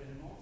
événement,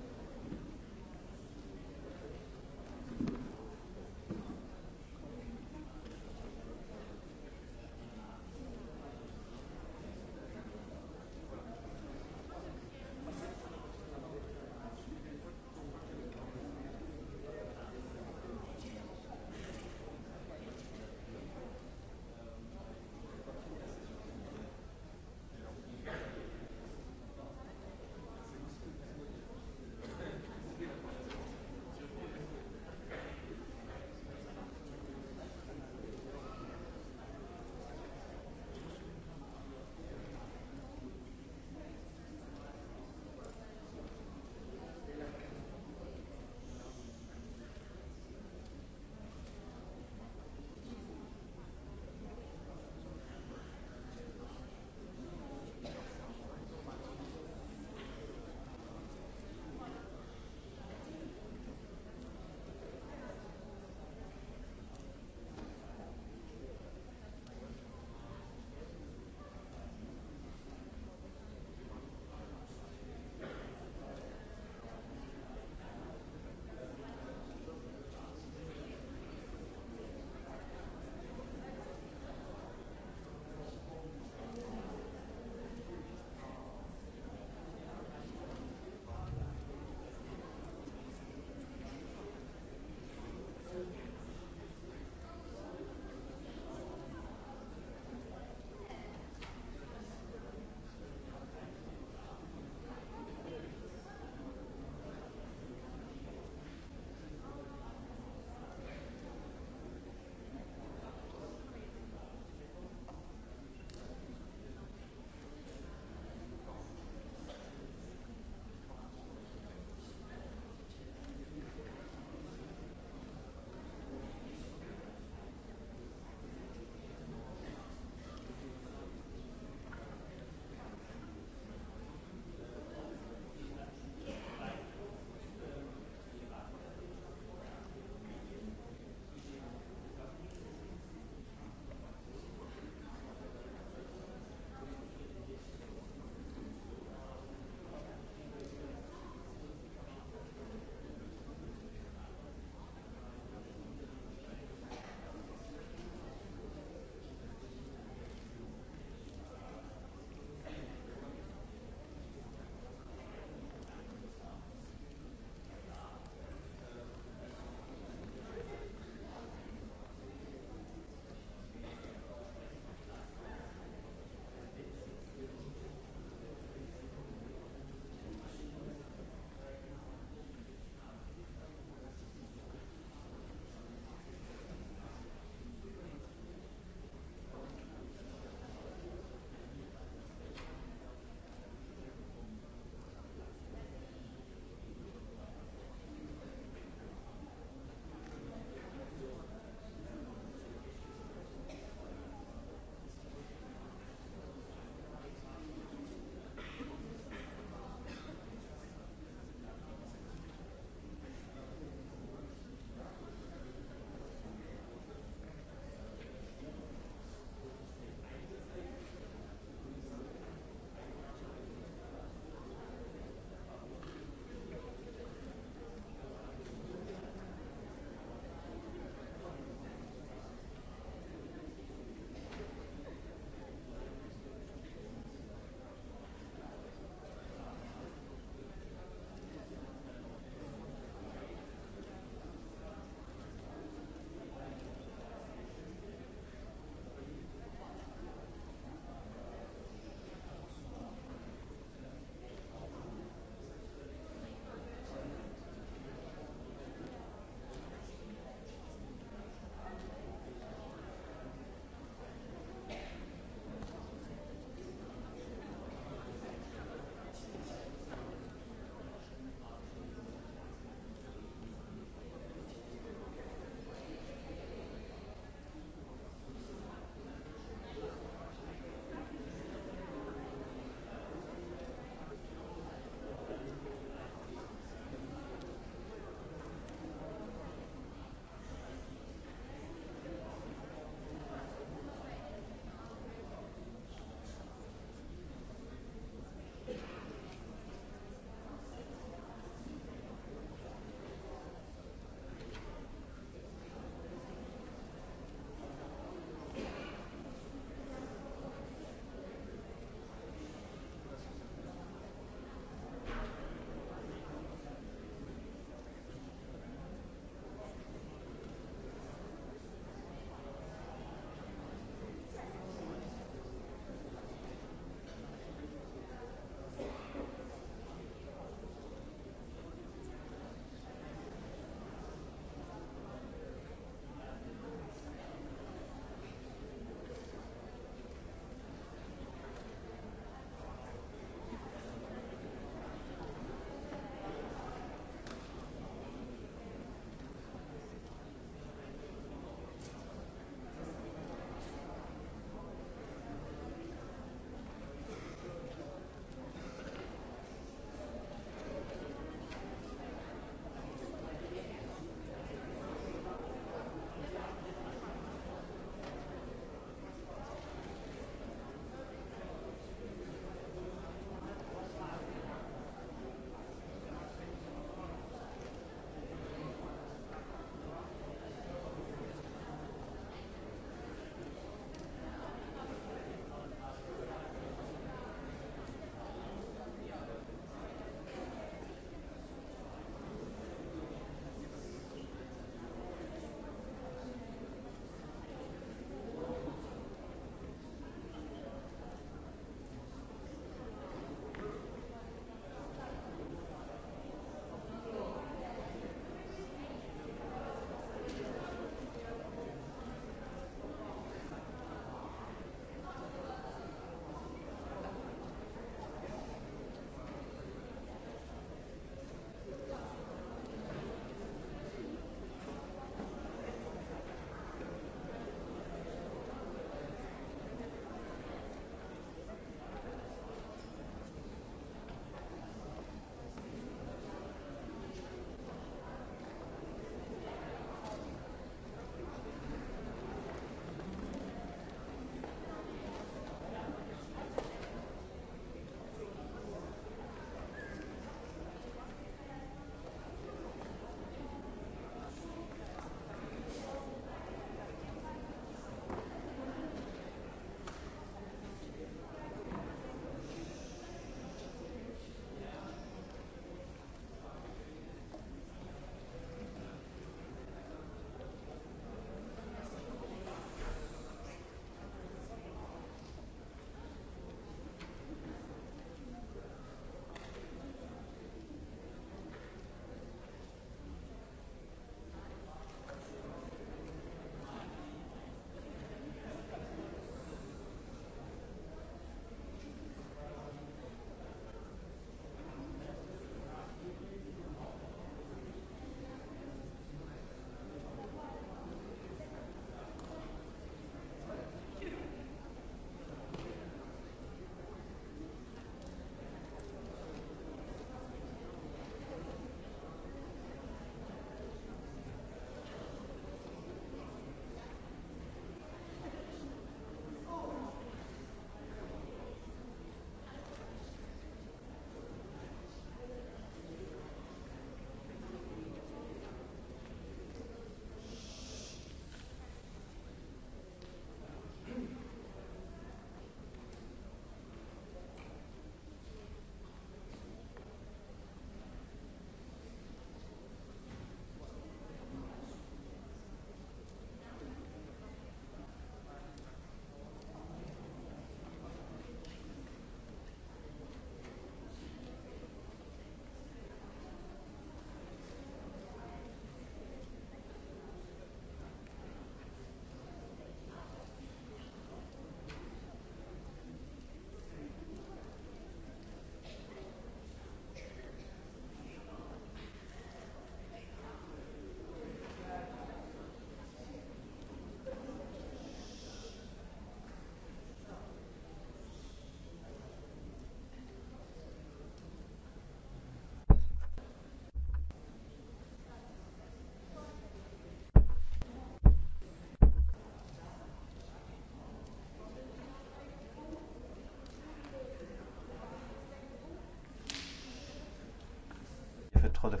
tħodha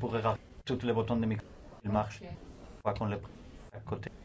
Pour tout le bouton de micro, il marche. Pas qu'on le côté.